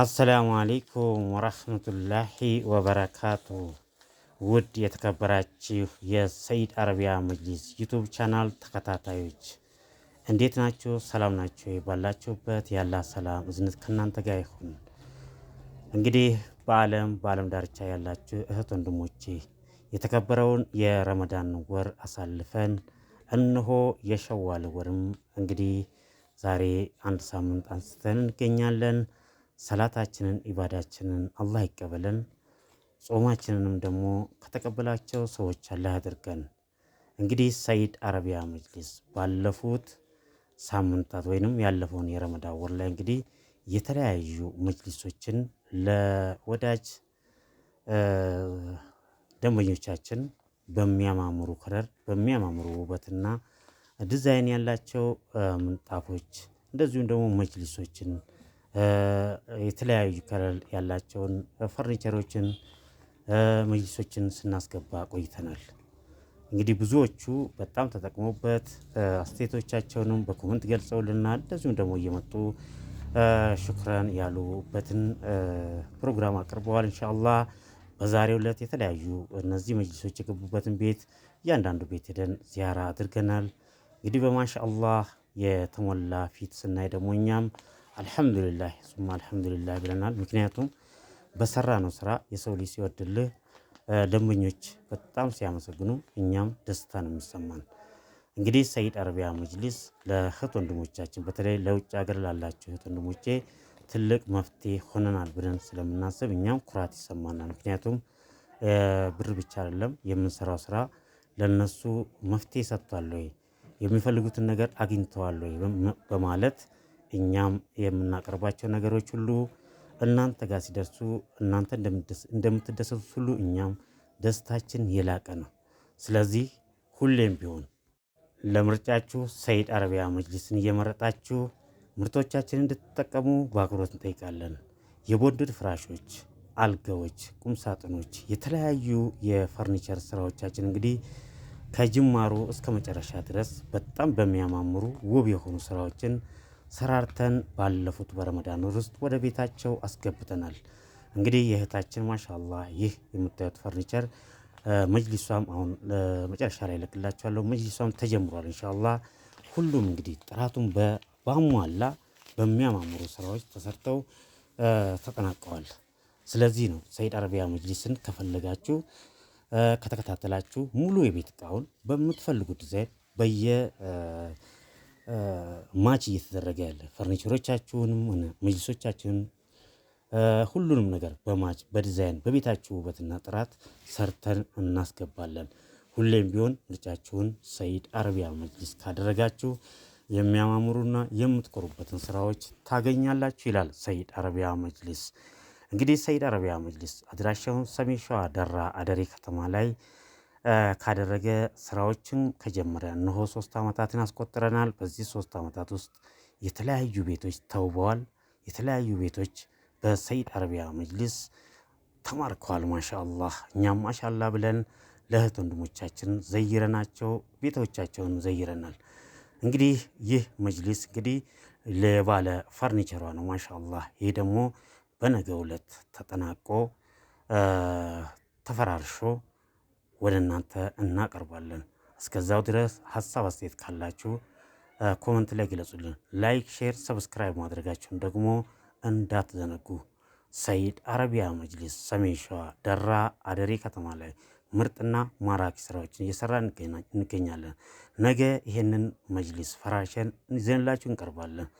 አሰላሙ አሌይኩም ወረህመቱላሂ ወበረካቱ። ውድ የተከበራችሁ የሰይድ አረቢያ መጅሊስ ዩቱብ ቻናል ተከታታዮች እንዴት ናችሁ? ሰላም ናችሁ? ባላችሁበት ያላ ሰላም እዝነት ከእናንተ ጋር ይሁን። እንግዲህ በዓለም በዓለም ዳርቻ ያላችሁ እህት ወንድሞቼ የተከበረውን የረመዳን ወር አሳልፈን እነሆ የሸዋል ወርም እንግዲህ ዛሬ አንድ ሳምንት አንስተን እንገኛለን። ሰላታችንን ኢባዳችንን አላህ ይቀበለን። ጾማችንንም ደግሞ ከተቀበላቸው ሰዎች አላህ አድርገን። እንግዲህ ሰይድ አረቢያ መጅሊስ ባለፉት ሳምንታት ወይንም ያለፈውን የረመዳን ወር ላይ እንግዲህ የተለያዩ መጅሊሶችን ለወዳጅ ደንበኞቻችን በሚያማምሩ ከለር በሚያማምሩ ውበትና ዲዛይን ያላቸው ምንጣፎች እንደዚሁም ደግሞ መጅሊሶችን የተለያዩ ከለር ያላቸውን ፈርኒቸሮችን መጅሊሶችን ስናስገባ ቆይተናል። እንግዲህ ብዙዎቹ በጣም ተጠቅሞበት አስተያየቶቻቸውንም በኮመንት ገልጸውልና እንደዚሁም ደግሞ እየመጡ ሹክረን ያሉበትን ፕሮግራም አቅርበዋል። እንሻላ በዛሬው ዕለት የተለያዩ እነዚህ መጅሊሶች የገቡበትን ቤት እያንዳንዱ ቤት ሄደን ዚያራ አድርገናል። እንግዲህ በማሻአላ የተሞላ ፊት ስናይ ደግሞ እኛም አልሐምዱሊላህ ሱማ አልሐምዱሊላህ ብለናል። ምክንያቱም በሰራ ነው ስራ የሰው ልጅ ሲወድልህ ደንበኞች በጣም ሲያመሰግኑ እኛም ደስታ ነው የሚሰማን። እንግዲህ ሰይድ አረቢያ መጅሊስ ለእህት ወንድሞቻችን በተለይ ለውጭ ሀገር ላላቸው እህት ወንድሞቼ ትልቅ መፍትሄ ሆነናል ብለን ስለምናስብ እኛም ኩራት ይሰማናል። ምክንያቱም ብር ብቻ አይደለም የምንሰራው ስራ ለነሱ መፍትሄ ሰጥቷል ወይ የሚፈልጉትን ነገር አግኝተዋል ወይ በማለት እኛም የምናቀርባቸው ነገሮች ሁሉ እናንተ ጋር ሲደርሱ እናንተ እንደምትደሰቱት ሁሉ እኛም ደስታችን የላቀ ነው። ስለዚህ ሁሌም ቢሆን ለምርጫችሁ ሰይድ አረቢያ መጅሊስን እየመረጣችሁ ምርቶቻችንን እንድትጠቀሙ በአክብሮት እንጠይቃለን። የቦንድድ ፍራሾች፣ አልጋዎች፣ ቁምሳጥኖች፣ የተለያዩ የፈርኒቸር ስራዎቻችን እንግዲህ ከጅማሩ እስከ መጨረሻ ድረስ በጣም በሚያማምሩ ውብ የሆኑ ስራዎችን ሰራርተን ባለፉት በረመዳን ወር ውስጥ ወደ ቤታቸው አስገብተናል። እንግዲህ የእህታችን ማሻላ ይህ የምታዩት ፈርኒቸር መጅሊሷም አሁን መጨረሻ ላይ እለቅላችኋለሁ። መጅሊሷም ተጀምሯል። እንሻላ ሁሉም እንግዲህ ጥራቱን በአሟላ በሚያማምሩ ስራዎች ተሰርተው ተጠናቀዋል። ስለዚህ ነው ሰይድ አረቢያ መጅሊስን ከፈለጋችሁ ከተከታተላችሁ ሙሉ የቤት እቃውን በምትፈልጉት ዲዛይን በየ ማች እየተደረገ ያለ ፈርኒቸሮቻችሁንም ሆነ መጅልሶቻችሁን ሁሉንም ነገር በማች በዲዛይን በቤታችሁ ውበትና ጥራት ሰርተን እናስገባለን። ሁሌም ቢሆን ምርጫችሁን ሰይድ አረቢያ መጅልስ ካደረጋችሁ የሚያማምሩና የምትኮሩበትን ስራዎች ታገኛላችሁ ይላል ሰይድ አረቢያ መጅልስ እንግዲህ ሰይድ አረቢያ መጅልስ አድራሻውን ሰሜን ሸዋ ደራ አደሬ ከተማ ላይ ካደረገ ስራዎችን ከጀመረ እነሆ ሶስት ዓመታትን አስቆጥረናል። በዚህ ሶስት ዓመታት ውስጥ የተለያዩ ቤቶች ተውበዋል። የተለያዩ ቤቶች በሰይድ አረቢያ መጅሊስ ተማርከዋል። ማሻአላህ እኛም ማሻላ ብለን ለእህት ወንድሞቻችን ዘይረናቸው ቤቶቻቸውን ዘይረናል። እንግዲህ ይህ መጅሊስ እንግዲህ ለባለ ፈርኒቸሯ ነው። ማሻአላህ ይህ ደግሞ በነገ ዕለት ተጠናቆ ተፈራርሾ ወደ እናንተ እናቀርባለን። እስከዛው ድረስ ሀሳብ አስተያየት ካላችሁ ኮመንት ላይ ግለጹልን። ላይክ፣ ሼር፣ ሰብስክራይብ ማድረጋችሁን ደግሞ እንዳትዘነጉ። ሰይድ አረቢያ መጅሊስ ሰሜን ሸዋ ደራ አደሬ ከተማ ላይ ምርጥና ማራኪ ስራዎችን እየሰራ እንገኛለን። ነገ ይህንን መጅሊስ ፈራሸን ይዘንላችሁ እንቀርባለን።